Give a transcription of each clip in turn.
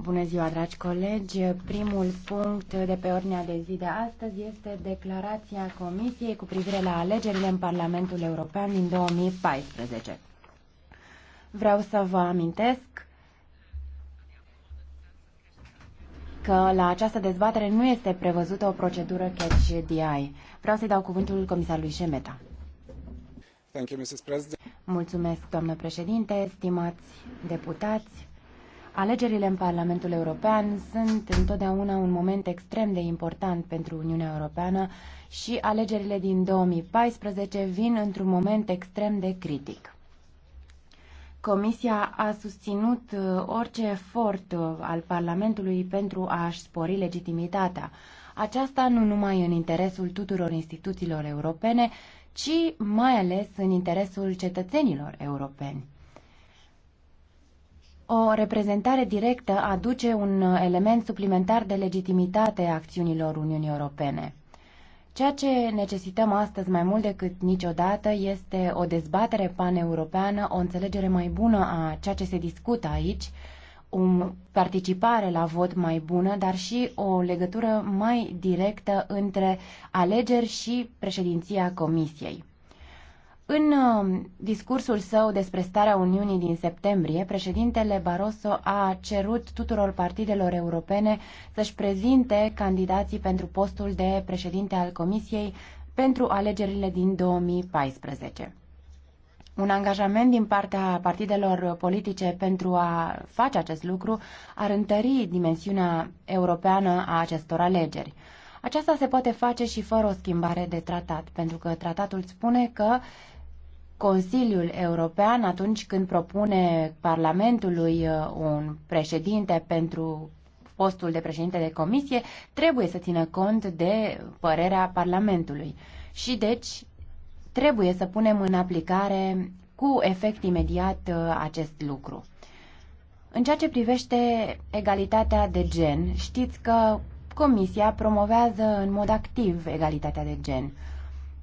Bună ziua, dragi colegi. Primul punct de pe ordinea de zi de astăzi este declarația Comisiei cu privire la alegerile în Parlamentul European din 2014. Vreau să vă amintesc că la această dezbatere nu este prevăzută o procedură catch eye Vreau să-i dau cuvântul comisarului Șemeta. Thank you, Mrs. President. Mulțumesc, doamnă președinte, stimați deputați. Alegerile în Parlamentul European sunt întotdeauna un moment extrem de important pentru Uniunea Europeană și alegerile din 2014 vin într-un moment extrem de critic. Comisia a susținut uh, orice efort uh, al Parlamentului pentru a-și spori legitimitatea. Aceasta nu numai în interesul tuturor instituțiilor europene, ci mai ales în interesul cetățenilor europeni. O reprezentare directă aduce un element suplimentar de legitimitate a acțiunilor Uniunii Europene. Ceea ce necesităm astăzi mai mult decât niciodată este o dezbatere paneuropeană, o înțelegere mai bună a ceea ce se discută aici o participare la vot mai bună, dar și o legătură mai directă între alegeri și președinția Comisiei. În uh, discursul său despre starea Uniunii din septembrie, președintele Barroso a cerut tuturor partidelor europene să-și prezinte candidații pentru postul de președinte al Comisiei pentru alegerile din 2014. Un angajament din partea partidelor politice pentru a face acest lucru ar întări dimensiunea europeană a acestor alegeri. Aceasta se poate face și fără o schimbare de tratat, pentru că tratatul spune că Consiliul European, atunci când propune Parlamentului uh, un președinte pentru postul de președinte de comisie, trebuie să țină cont de părerea Parlamentului. Și deci Trebuie să punem în aplicare cu efect imediat uh, acest lucru. În ceea ce privește egalitatea de gen, știți că Comisia promovează în mod activ egalitatea de gen.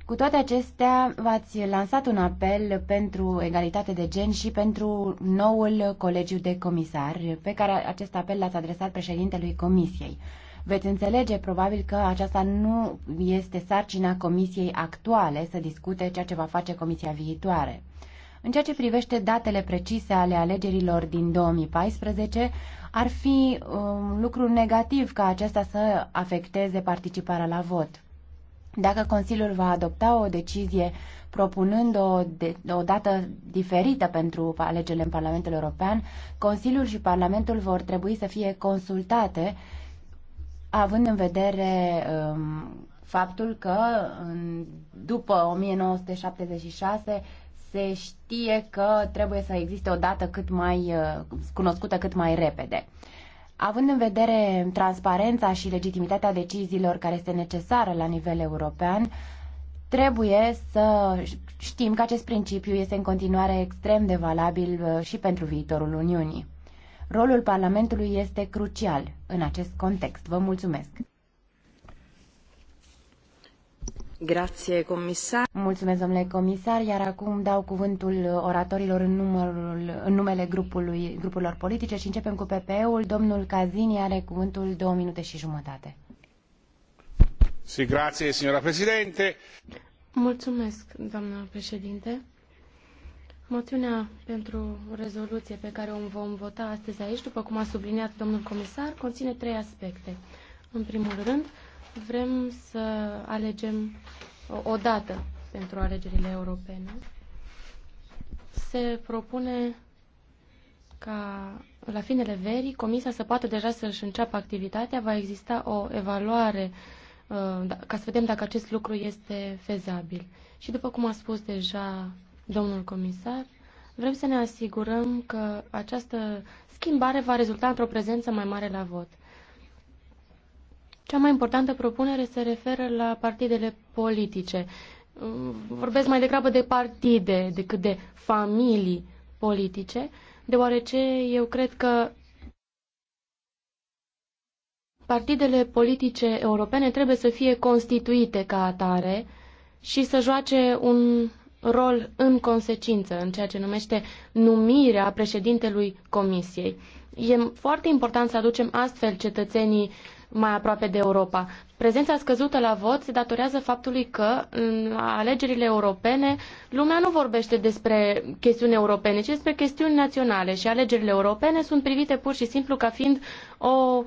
Cu toate acestea, v-ați lansat un apel pentru egalitate de gen și pentru noul colegiu de comisari, pe care acest apel l-ați adresat președintelui Comisiei. Veți înțelege probabil că aceasta nu este sarcina comisiei actuale să discute ceea ce va face comisia viitoare. În ceea ce privește datele precise ale alegerilor din 2014, ar fi un um, lucru negativ ca acesta să afecteze participarea la vot. Dacă Consiliul va adopta o decizie propunând o, de, o dată diferită pentru alegerile în Parlamentul European, Consiliul și Parlamentul vor trebui să fie consultate având în vedere um, faptul că în, după 1976 se știe că trebuie să existe o dată cât mai uh, cunoscută cât mai repede. Având în vedere transparența și legitimitatea deciziilor care este necesară la nivel european, trebuie să știm că acest principiu este în continuare extrem de valabil uh, și pentru viitorul Uniunii. Rolul Parlamentului este crucial în acest context. Vă mulțumesc! Grazie, comisar. Mulțumesc, domnule comisar, iar acum dau cuvântul oratorilor în, numărul, în numele grupului, grupurilor politice și începem cu PPE-ul. Domnul Cazini are cuvântul două minute și jumătate. Si, grazie, signora Mulțumesc, doamnă președinte. Moțiunea pentru rezoluție pe care o vom vota astăzi aici, după cum a subliniat domnul comisar, conține trei aspecte. În primul rând, vrem să alegem o dată pentru alegerile europene. Se propune ca la finele verii comisia să poată deja să-și înceapă activitatea, va exista o evaluare uh, da, ca să vedem dacă acest lucru este fezabil. Și după cum a spus deja domnul comisar, vrem să ne asigurăm că această schimbare va rezulta într-o prezență mai mare la vot. Cea mai importantă propunere se referă la partidele politice. Vorbesc mai degrabă de partide decât de familii politice, deoarece eu cred că partidele politice europene trebuie să fie constituite ca atare și să joace un rol în consecință, în ceea ce numește numirea președintelui Comisiei. E foarte important să aducem astfel cetățenii mai aproape de Europa. Prezența scăzută la vot se datorează faptului că în alegerile europene lumea nu vorbește despre chestiuni europene, ci despre chestiuni naționale și alegerile europene sunt privite pur și simplu ca fiind o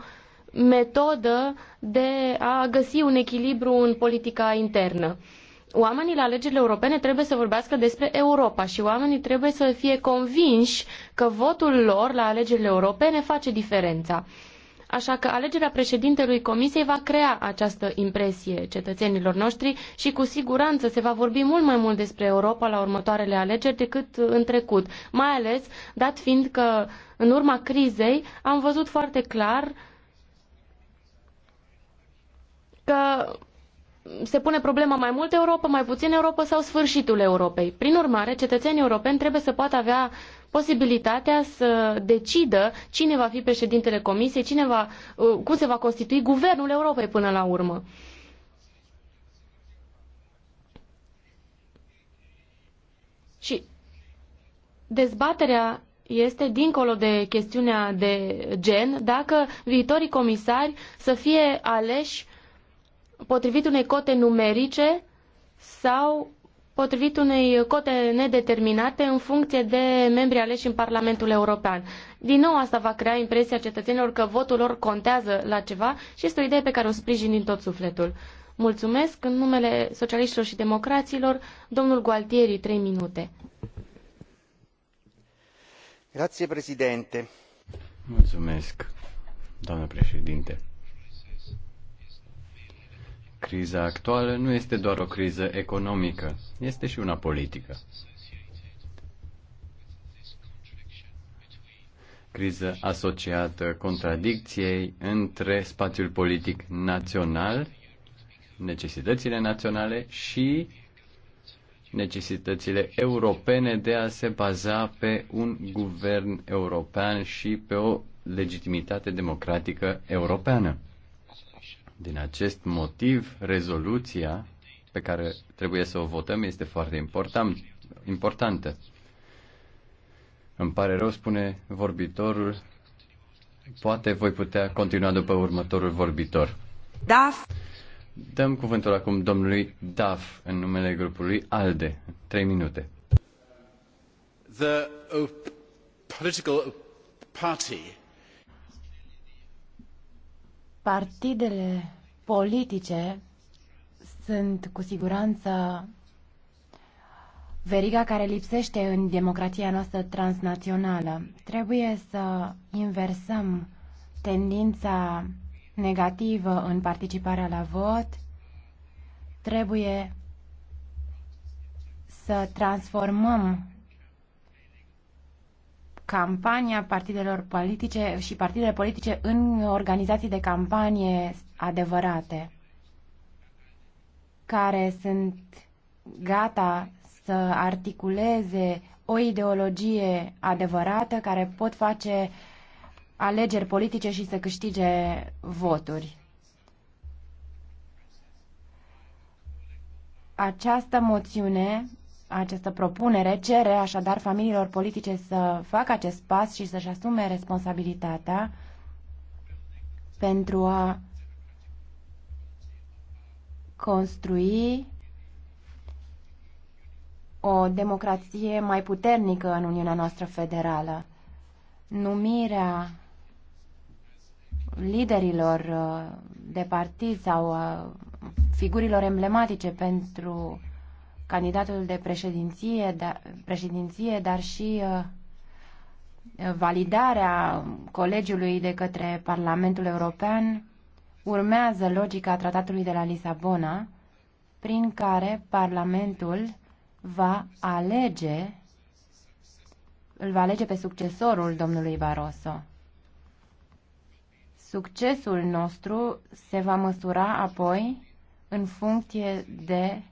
metodă de a găsi un echilibru în politica internă oamenii la alegerile europene trebuie să vorbească despre Europa și oamenii trebuie să fie convinși că votul lor la alegerile europene face diferența. Așa că alegerea președintelui Comisiei va crea această impresie cetățenilor noștri și cu siguranță se va vorbi mult mai mult despre Europa la următoarele alegeri decât în trecut, mai ales dat fiind că în urma crizei am văzut foarte clar că se pune problema mai mult Europa, mai puțin Europa sau sfârșitul Europei. Prin urmare, cetățenii europeni trebuie să poată avea posibilitatea să decidă cine va fi președintele Comisiei, cine va, uh, cum se va constitui guvernul Europei până la urmă. Și dezbaterea este dincolo de chestiunea de gen, dacă viitorii comisari să fie aleși potrivit unei cote numerice sau potrivit unei cote nedeterminate în funcție de membrii aleși în Parlamentul European. Din nou asta va crea impresia cetățenilor că votul lor contează la ceva și este o idee pe care o sprijin din tot sufletul. Mulțumesc în numele socialiștilor și democraților, domnul Gualtieri, trei minute. Grazie, președinte. Mulțumesc, doamnă președinte. Criza actuală nu este doar o criză economică, este și una politică. Criză asociată contradicției între spațiul politic național, necesitățile naționale și necesitățile europene de a se baza pe un guvern european și pe o legitimitate democratică europeană. Din acest motiv, rezoluția pe care trebuie să o votăm este foarte important, importantă. Îmi pare rău, spune vorbitorul, poate voi putea continua după următorul vorbitor. Daf. Dăm cuvântul acum domnului Daf în numele grupului ALDE. Trei minute. The uh, political party Partidele politice sunt cu siguranță veriga care lipsește în democrația noastră transnațională. Trebuie să inversăm tendința negativă în participarea la vot. Trebuie să transformăm campania partidelor politice și partidele politice în organizații de campanie adevărate, care sunt gata să articuleze o ideologie adevărată, care pot face alegeri politice și să câștige voturi. Această moțiune această propunere cere așadar familiilor politice să facă acest pas și să-și asume responsabilitatea pentru a construi o democrație mai puternică în Uniunea noastră federală. Numirea liderilor uh, de partid sau uh, figurilor emblematice pentru candidatul de președinție, da, președinție dar și uh, validarea colegiului de către Parlamentul European urmează logica tratatului de la Lisabona, prin care Parlamentul va alege îl va alege pe succesorul domnului Barroso. Succesul nostru se va măsura apoi în funcție de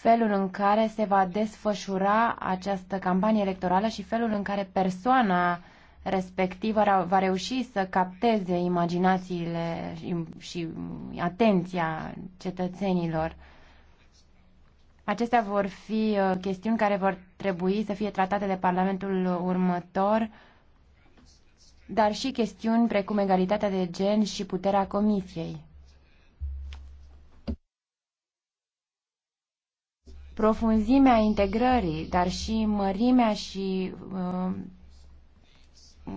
felul în care se va desfășura această campanie electorală și felul în care persoana respectivă va reuși să capteze imaginațiile și atenția cetățenilor. Acestea vor fi uh, chestiuni care vor trebui să fie tratate de Parlamentul următor, dar și chestiuni precum egalitatea de gen și puterea Comisiei. profunzimea integrării, dar și mărimea și uh,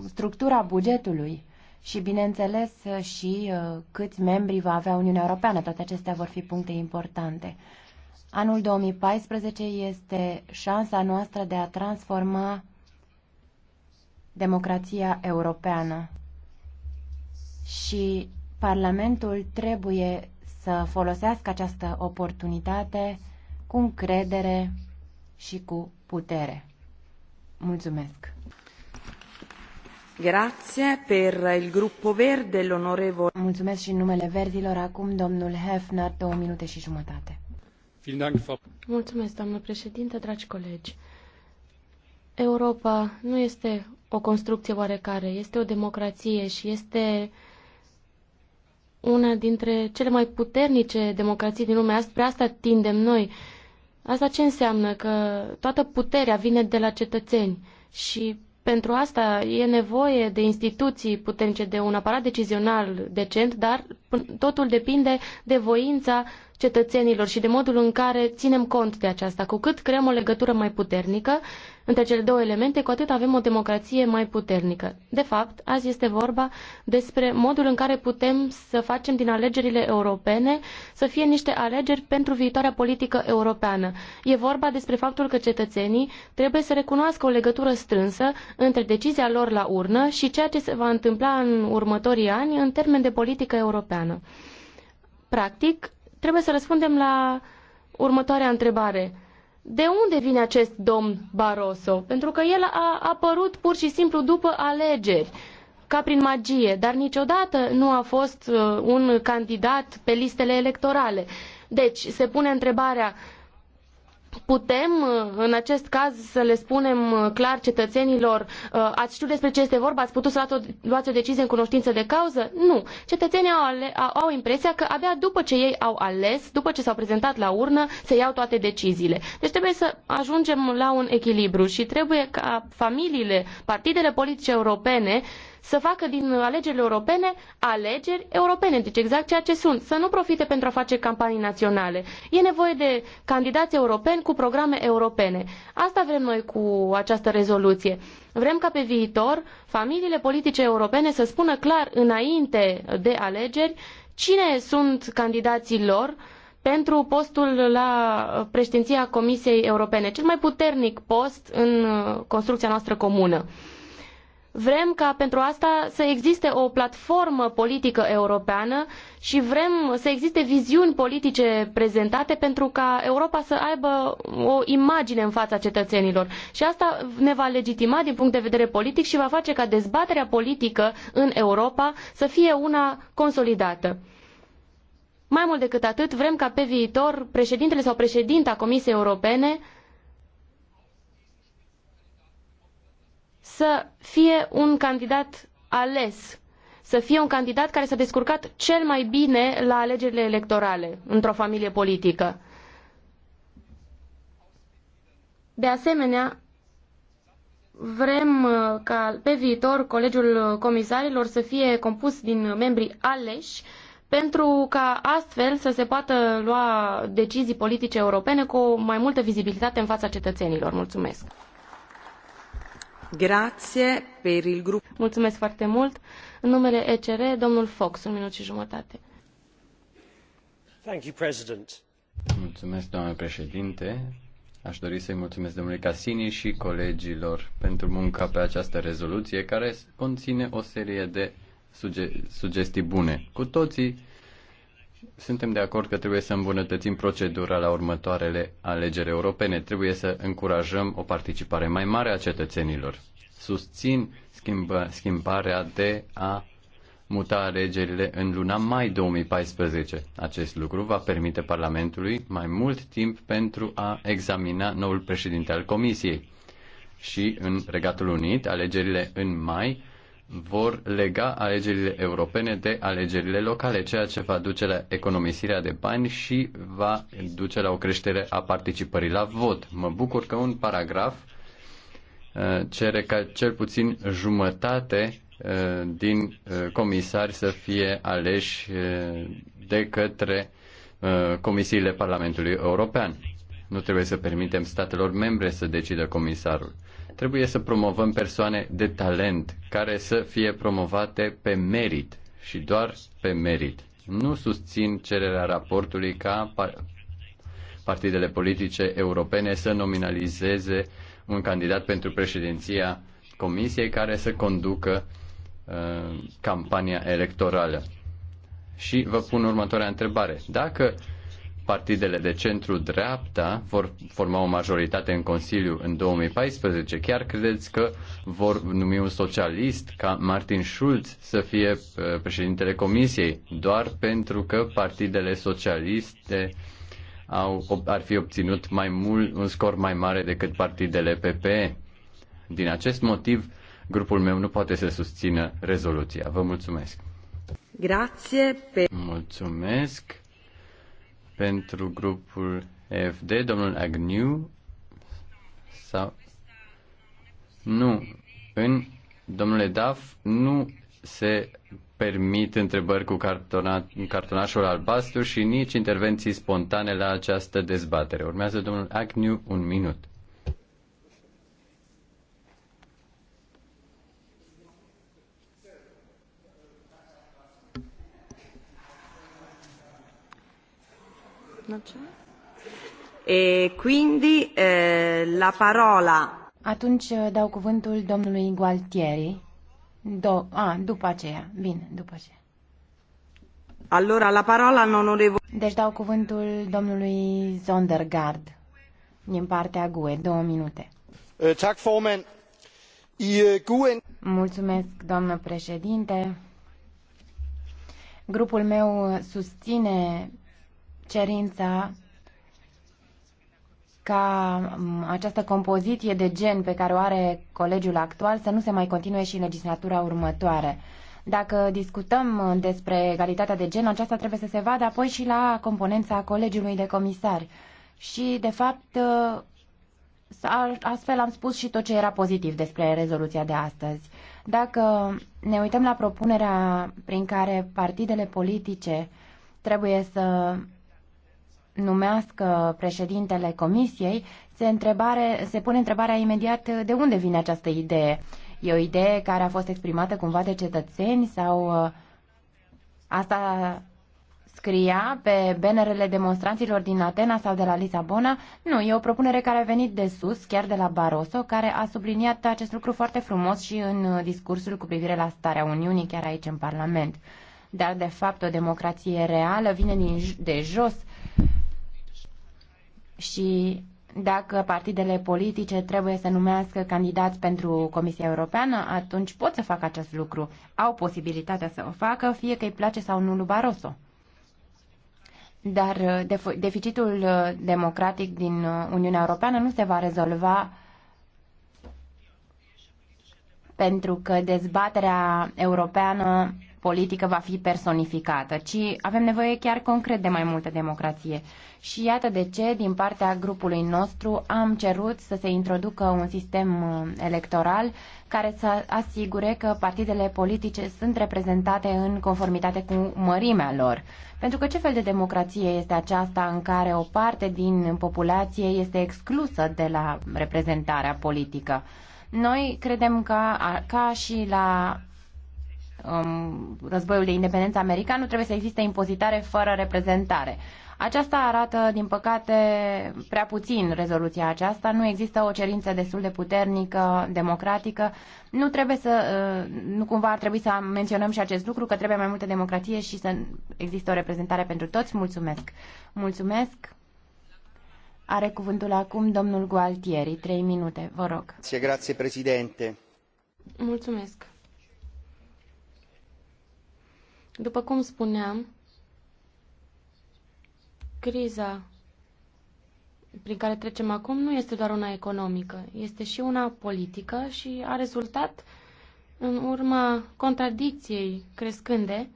structura bugetului și, bineînțeles, și uh, câți membri va avea Uniunea Europeană. Toate acestea vor fi puncte importante. Anul 2014 este șansa noastră de a transforma democrația europeană și Parlamentul trebuie să folosească această oportunitate cu încredere și cu putere. Mulțumesc! Grazie per il gruppo verde, l'onorevole. Mulțumesc și în numele verzilor acum domnul Hefner, două minute și jumătate. Mulțumesc, doamnă președinte, dragi colegi. Europa nu este o construcție oarecare, este o democrație și este una dintre cele mai puternice democrații din lume. Spre asta tindem noi. Asta ce înseamnă? Că toată puterea vine de la cetățeni și pentru asta e nevoie de instituții puternice, de un aparat decizional decent, dar totul depinde de voința cetățenilor și de modul în care ținem cont de aceasta. Cu cât creăm o legătură mai puternică între cele două elemente, cu atât avem o democrație mai puternică. De fapt, azi este vorba despre modul în care putem să facem din alegerile europene să fie niște alegeri pentru viitoarea politică europeană. E vorba despre faptul că cetățenii trebuie să recunoască o legătură strânsă între decizia lor la urnă și ceea ce se va întâmpla în următorii ani în termen de politică europeană. Practic, trebuie să răspundem la următoarea întrebare. De unde vine acest domn Barroso? Pentru că el a apărut pur și simplu după alegeri, ca prin magie, dar niciodată nu a fost uh, un candidat pe listele electorale. Deci se pune întrebarea putem în acest caz să le spunem uh, clar cetățenilor uh, ați știut despre ce este vorba, ați putut să luați o, decizie în cunoștință de cauză? Nu. Cetățenii au, ale, au impresia că abia după ce ei au ales, după ce s-au prezentat la urnă, se iau toate deciziile. Deci trebuie să ajungem la un echilibru și trebuie ca familiile, partidele politice europene să facă din alegerile europene alegeri europene, deci exact ceea ce sunt, să nu profite pentru a face campanii naționale. E nevoie de candidați europeni cu programe europene. Asta vrem noi cu această rezoluție. Vrem ca pe viitor familiile politice europene să spună clar înainte de alegeri cine sunt candidații lor pentru postul la președinția Comisiei Europene, cel mai puternic post în construcția noastră comună. Vrem ca pentru asta să existe o platformă politică europeană și vrem să existe viziuni politice prezentate pentru ca Europa să aibă o imagine în fața cetățenilor. Și asta ne va legitima din punct de vedere politic și va face ca dezbaterea politică în Europa să fie una consolidată. Mai mult decât atât, vrem ca pe viitor președintele sau președinta Comisiei Europene să fie un candidat ales, să fie un candidat care s-a descurcat cel mai bine la alegerile electorale într-o familie politică. De asemenea, vrem uh, ca pe viitor Colegiul Comisarilor să fie compus din membri aleși pentru ca astfel să se poată lua decizii politice europene cu mai multă vizibilitate în fața cetățenilor. Mulțumesc! Grazie per il grup. Mulțumesc foarte mult. În numele ECR, domnul Fox, un minut și jumătate. Thank you, President. Mulțumesc, doamnă președinte. Aș dori să-i mulțumesc domnului Casini și colegilor pentru munca pe această rezoluție care conține o serie de suge- sugestii bune. Cu toții suntem de acord că trebuie să îmbunătățim procedura la următoarele alegeri europene. Trebuie să încurajăm o participare mai mare a cetățenilor. Susțin schimbă, schimbarea de a muta alegerile în luna mai 2014. Acest lucru va permite Parlamentului mai mult timp pentru a examina noul președinte al Comisiei. Și în Regatul Unit, alegerile în mai vor lega alegerile europene de alegerile locale, ceea ce va duce la economisirea de bani și va duce la o creștere a participării la vot. Mă bucur că un paragraf uh, cere ca cel puțin jumătate uh, din uh, comisari să fie aleși de către comisiile Parlamentului European. Nu trebuie să permitem statelor membre să decidă comisarul. Trebuie să promovăm persoane de talent care să fie promovate pe merit și doar pe merit. Nu susțin cererea raportului ca partidele politice europene să nominalizeze un candidat pentru președinția Comisiei care să conducă uh, campania electorală. Și vă pun următoarea întrebare. Dacă partidele de centru-dreapta vor forma o majoritate în Consiliu în 2014, chiar credeți că vor numi un socialist ca Martin Schulz să fie uh, președintele Comisiei, doar pentru că partidele socialiste au, ar fi obținut mai mult, un scor mai mare decât partidele PP. Din acest motiv, grupul meu nu poate să susțină rezoluția. Vă mulțumesc. Grazie pe... Mulțumesc pentru grupul F.D. domnul Agnew sau nu, în domnule Daf nu se permit întrebări cu cartona, cartonașul albastru și nici intervenții spontane la această dezbatere. Urmează domnul Agnew un minut. E quindi eh, la parola. Atunci eh, dau cuvântul domnului Gualtieri. Do ah, după aceea. Bine, după aceea. Allora la parola all'onorevole. Deci dau cuvântul domnului Zondergaard din partea GUE. Două minute. Eh, tak, formand. I eh, GUE... Mulțumesc, doamnă președinte. Grupul meu susține cerința ca această compoziție de gen pe care o are colegiul actual să nu se mai continue și în legislatura următoare. Dacă discutăm despre egalitatea de gen, aceasta trebuie să se vadă apoi și la componența colegiului de comisari. Și, de fapt, astfel am spus și tot ce era pozitiv despre rezoluția de astăzi. Dacă ne uităm la propunerea prin care partidele politice trebuie să numească președintele comisiei, se, întrebare, se pune întrebarea imediat de unde vine această idee. E o idee care a fost exprimată cumva de cetățeni sau uh, asta scria pe benerele demonstranților din Atena sau de la Lisabona? Nu, e o propunere care a venit de sus, chiar de la Barroso, care a subliniat acest lucru foarte frumos și în uh, discursul cu privire la starea Uniunii, chiar aici în Parlament. Dar, de fapt, o democrație reală vine din, de jos, și dacă partidele politice trebuie să numească candidați pentru Comisia Europeană, atunci pot să facă acest lucru. Au posibilitatea să o facă, fie că îi place sau nu lui Barroso. Dar uh, deficitul uh, democratic din uh, Uniunea Europeană nu se va rezolva pentru că dezbaterea europeană politică va fi personificată, ci avem nevoie chiar concret de mai multă democrație. Și iată de ce, din partea grupului nostru, am cerut să se introducă un sistem uh, electoral care să asigure că partidele politice sunt reprezentate în conformitate cu mărimea lor. Pentru că ce fel de democrație este aceasta în care o parte din populație este exclusă de la reprezentarea politică? Noi credem că, ca și la um, războiul de independență american, nu trebuie să existe impozitare fără reprezentare. Aceasta arată, din păcate, prea puțin rezoluția aceasta. Nu există o cerință destul de puternică, democratică. Nu trebuie să, uh, nu cumva ar trebui să menționăm și acest lucru, că trebuie mai multă democrație și să există o reprezentare pentru toți. Mulțumesc! Mulțumesc! Are cuvântul acum domnul Gualtieri. Trei minute, vă rog. Grazie, președinte. Mulțumesc. După cum spuneam, criza prin care trecem acum nu este doar una economică, este și una politică și a rezultat în urma contradicției crescânde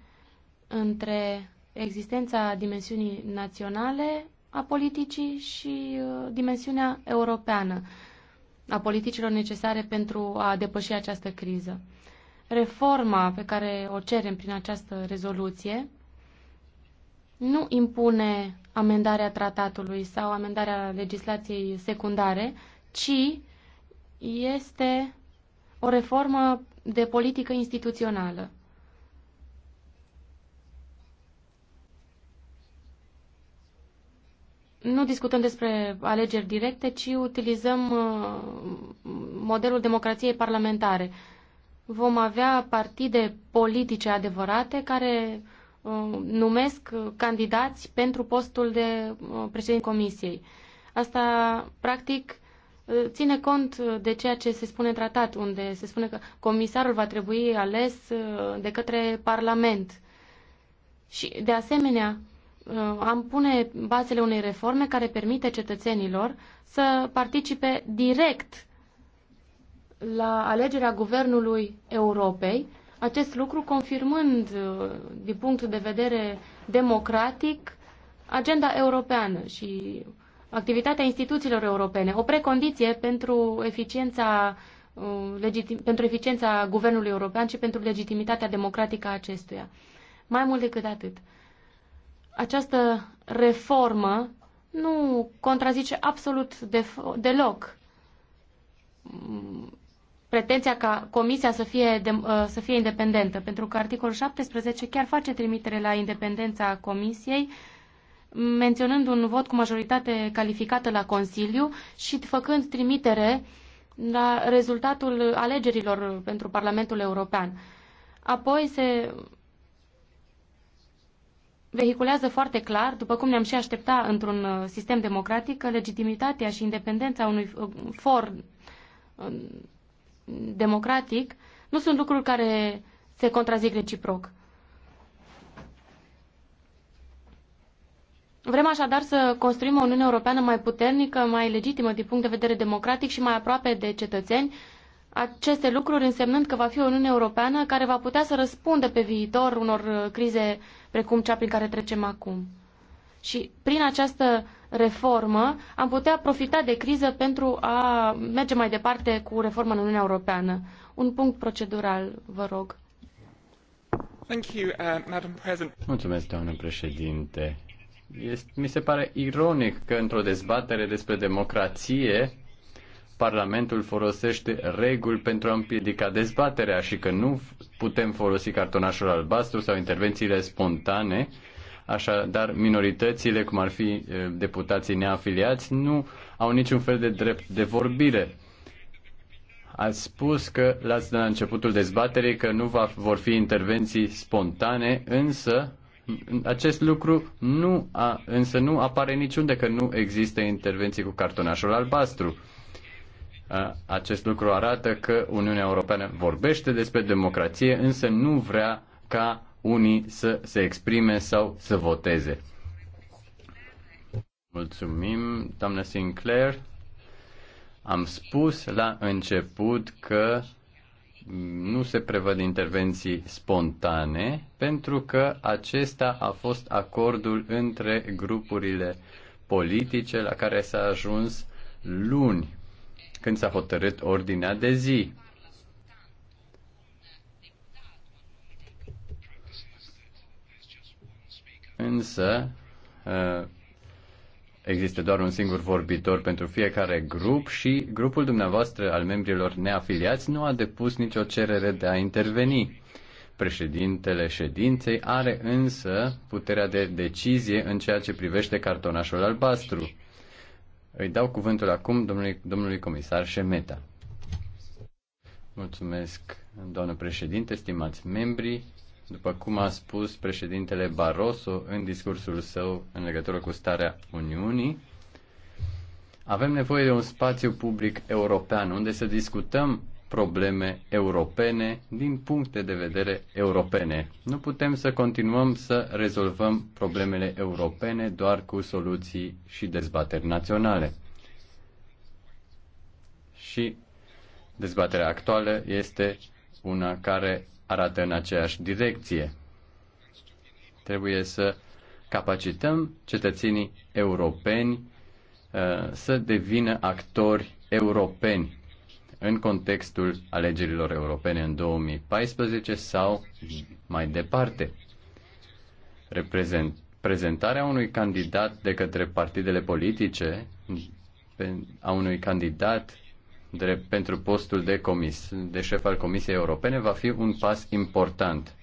între existența dimensiunii naționale a politicii și uh, dimensiunea europeană a politicilor necesare pentru a depăși această criză reforma pe care o cerem prin această rezoluție nu impune amendarea tratatului sau amendarea legislației secundare, ci este o reformă de politică instituțională. nu discutăm despre alegeri directe, ci utilizăm uh, modelul democrației parlamentare vom avea partide politice adevărate care uh, numesc candidați pentru postul de uh, președinte comisiei. Asta, practic, uh, ține cont uh, de ceea ce se spune în tratat, unde se spune că comisarul va trebui ales uh, de către Parlament. Și, de asemenea, am pune bazele unei reforme care permite cetățenilor să participe direct la alegerea guvernului Europei, acest lucru confirmând, uh, din punct de vedere democratic, agenda europeană și activitatea instituțiilor europene, o precondiție pentru eficiența, uh, pentru eficiența guvernului european și pentru legitimitatea democratică a acestuia. Mai mult decât atât, această reformă nu contrazice absolut de, deloc mm, pretenția ca comisia să fie, de, uh, să fie independentă, pentru că articolul 17 chiar face trimitere la independența comisiei, menționând un vot cu majoritate calificată la Consiliu și făcând trimitere la rezultatul alegerilor pentru Parlamentul European. Apoi se vehiculează foarte clar, după cum ne-am și aștepta într-un uh, sistem democratic, că legitimitatea și independența unui uh, for democratic nu sunt lucruri care se contrazic reciproc. Vrem așadar să construim o Uniune Europeană mai puternică, mai legitimă din punct de vedere democratic și mai aproape de cetățeni, aceste lucruri însemnând că va fi o Uniune Europeană care va putea să răspundă pe viitor unor uh, crize precum cea prin care trecem acum. Și prin această reformă, am putea profita de criză pentru a merge mai departe cu reforma în Uniunea Europeană. Un punct procedural, vă rog. Thank you, uh, Madam President. Mulțumesc, doamnă președinte. Este, mi se pare ironic că într-o dezbatere despre democrație, Parlamentul folosește reguli pentru a împiedica dezbaterea și că nu putem folosi cartonașul albastru sau intervențiile spontane uh, Așa, dar minoritățile, cum ar fi deputații neafiliați, nu au niciun fel de drept de vorbire. Ați spus că l de la începutul dezbaterii că nu va, vor fi intervenții spontane, însă acest lucru nu a, însă nu apare niciunde că nu există intervenții cu cartonașul albastru. Acest lucru arată că Uniunea Europeană vorbește despre democrație, însă nu vrea ca unii să se exprime sau să voteze. Mulțumim, doamna Sinclair. Am spus la început că nu se prevăd intervenții spontane, pentru că acesta a fost acordul între grupurile politice la care s-a ajuns luni, când s-a hotărât ordinea de zi. însă uh, există doar un singur vorbitor pentru fiecare grup și grupul dumneavoastră al membrilor neafiliați nu a depus nicio cerere de a interveni. Președintele ședinței are însă puterea de decizie în ceea ce privește cartonașul albastru. Îi dau cuvântul acum domnului, domnului comisar Șemeta. Mulțumesc, doamnă președinte, stimați membri, după cum a spus președintele Barroso în discursul său în legătură cu starea Uniunii, avem nevoie de un spațiu public european unde să discutăm probleme europene din puncte de vedere europene. Nu putem să continuăm să rezolvăm problemele europene doar cu soluții și dezbateri naționale. Și dezbaterea actuală este una care arată în aceeași direcție. Trebuie să capacităm cetățenii europeni uh, să devină actori europeni în contextul alegerilor europene în 2014 sau mai departe. Reprezent, prezentarea unui candidat de către partidele politice, a unui candidat drept pentru postul de, comis, de șef al Comisiei Europene va fi un pas important.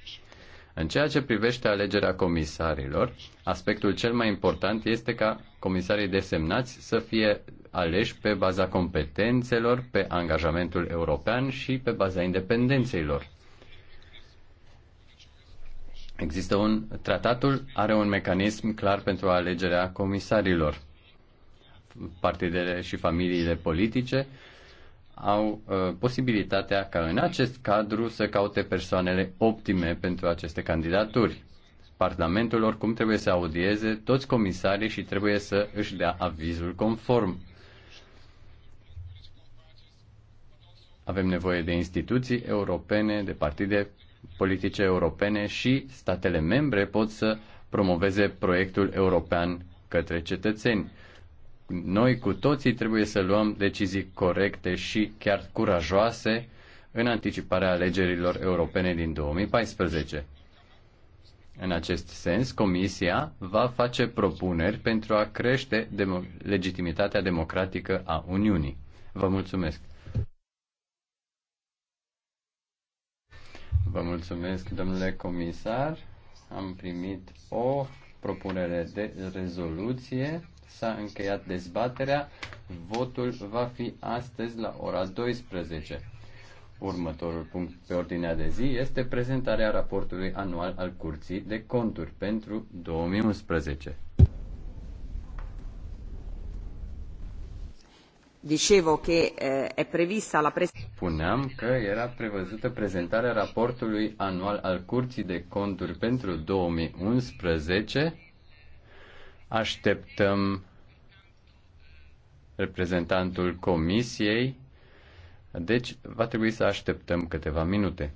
În ceea ce privește alegerea comisarilor, aspectul cel mai important este ca comisarii desemnați să fie aleși pe baza competențelor, pe angajamentul european și pe baza independenței lor. Există un tratatul are un mecanism clar pentru alegerea comisarilor. Partidele și familiile politice au uh, posibilitatea ca în acest cadru să caute persoanele optime pentru aceste candidaturi. Parlamentul oricum trebuie să audieze toți comisarii și trebuie să își dea avizul conform. Avem nevoie de instituții europene, de partide politice europene și statele membre pot să promoveze proiectul european către cetățeni noi cu toții trebuie să luăm decizii corecte și chiar curajoase în anticiparea alegerilor europene din 2014. În acest sens, Comisia va face propuneri pentru a crește demo- legitimitatea democratică a Uniunii. Vă mulțumesc! Vă mulțumesc, domnule comisar. Am primit o propunere de rezoluție S-a încheiat dezbaterea. Votul va fi astăzi la ora 12. Următorul punct pe ordinea de zi este prezentarea raportului anual al Curții de Conturi pentru 2011. Dicevo che eh, è prevista la pres- Spuneam că era prevăzută prezentarea raportului anual al Curții de Conturi pentru 2011 Așteptăm reprezentantul comisiei, deci va trebui să așteptăm câteva minute.